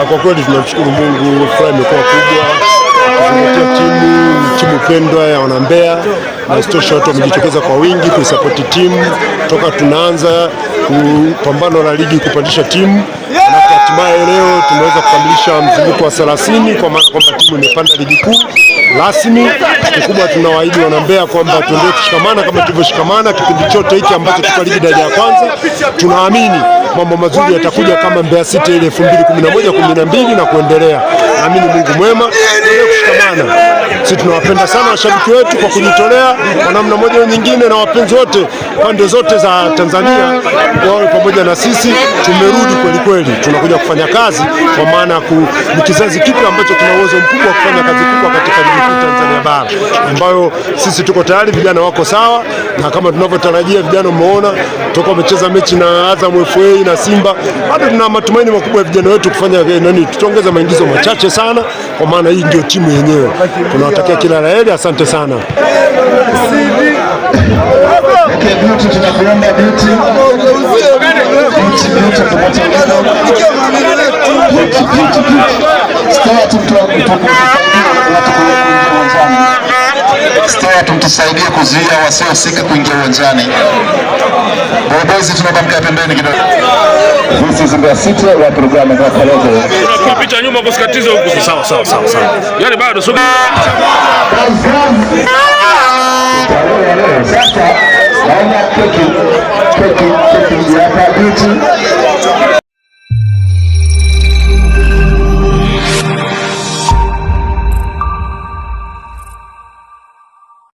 Ah, kwa kweli tunamshukuru Mungu, furaha imekuwa kubwa kwa timu timu pendwa ya wanambea, na sitosha watu wamejitokeza kwa wingi kuisapoti timu toka tunaanza kupambano la ligi kupandisha timu na kuweza kukamilisha mzunguko wa 30 kwa maana kwamba timu imepanda ligi kuu rasmi. Kikubwa tunawaahidi wanambea kwamba tuendelee kushikamana kama tulivyoshikamana kipindi chote hiki ambacho tuko ligi daraja ya kwanza. Tunaamini mambo mazuri yatakuja kama Mbeya City ile 2011 12 na kuendelea. Naamini Mungu mwema, tuendelee kushikamana sisi tunawapenda sana washabiki wetu kwa kujitolea kwa namna moja nyingine, na wapenzi wote pande zote za Tanzania wawe pamoja na sisi. Tumerudi kweli kweli, tunakuja kufanya kazi kwa maana ni kizazi kipya ambacho kina uwezo mkubwa wa kufanya kazi kubwa katika ligi kuu Tanzania bara, ambayo sisi tuko tayari, vijana wako sawa na kama tunavyotarajia vijana. Umeona toka wamecheza mechi na Azam FA na Simba, bado tuna matumaini makubwa ya vijana wetu kufanya nani, tutaongeza maingizo machache sana, kwa maana hii ndio timu yenyewe tuna nawatakia kila la heri, asante sana. tumtusaidie kuzuia wasiohusika kuingia uwanjani. Bobezi tunaomba mkae pembeni kidogo vizizimbia sita wa programu za Kalonzo. Picha nyuma kusikatiza huko. Sawa sawa sawa sawa. Yaani bado sio. Yaani, yaani, sasa naona yaani, keki keki keki hapa bichi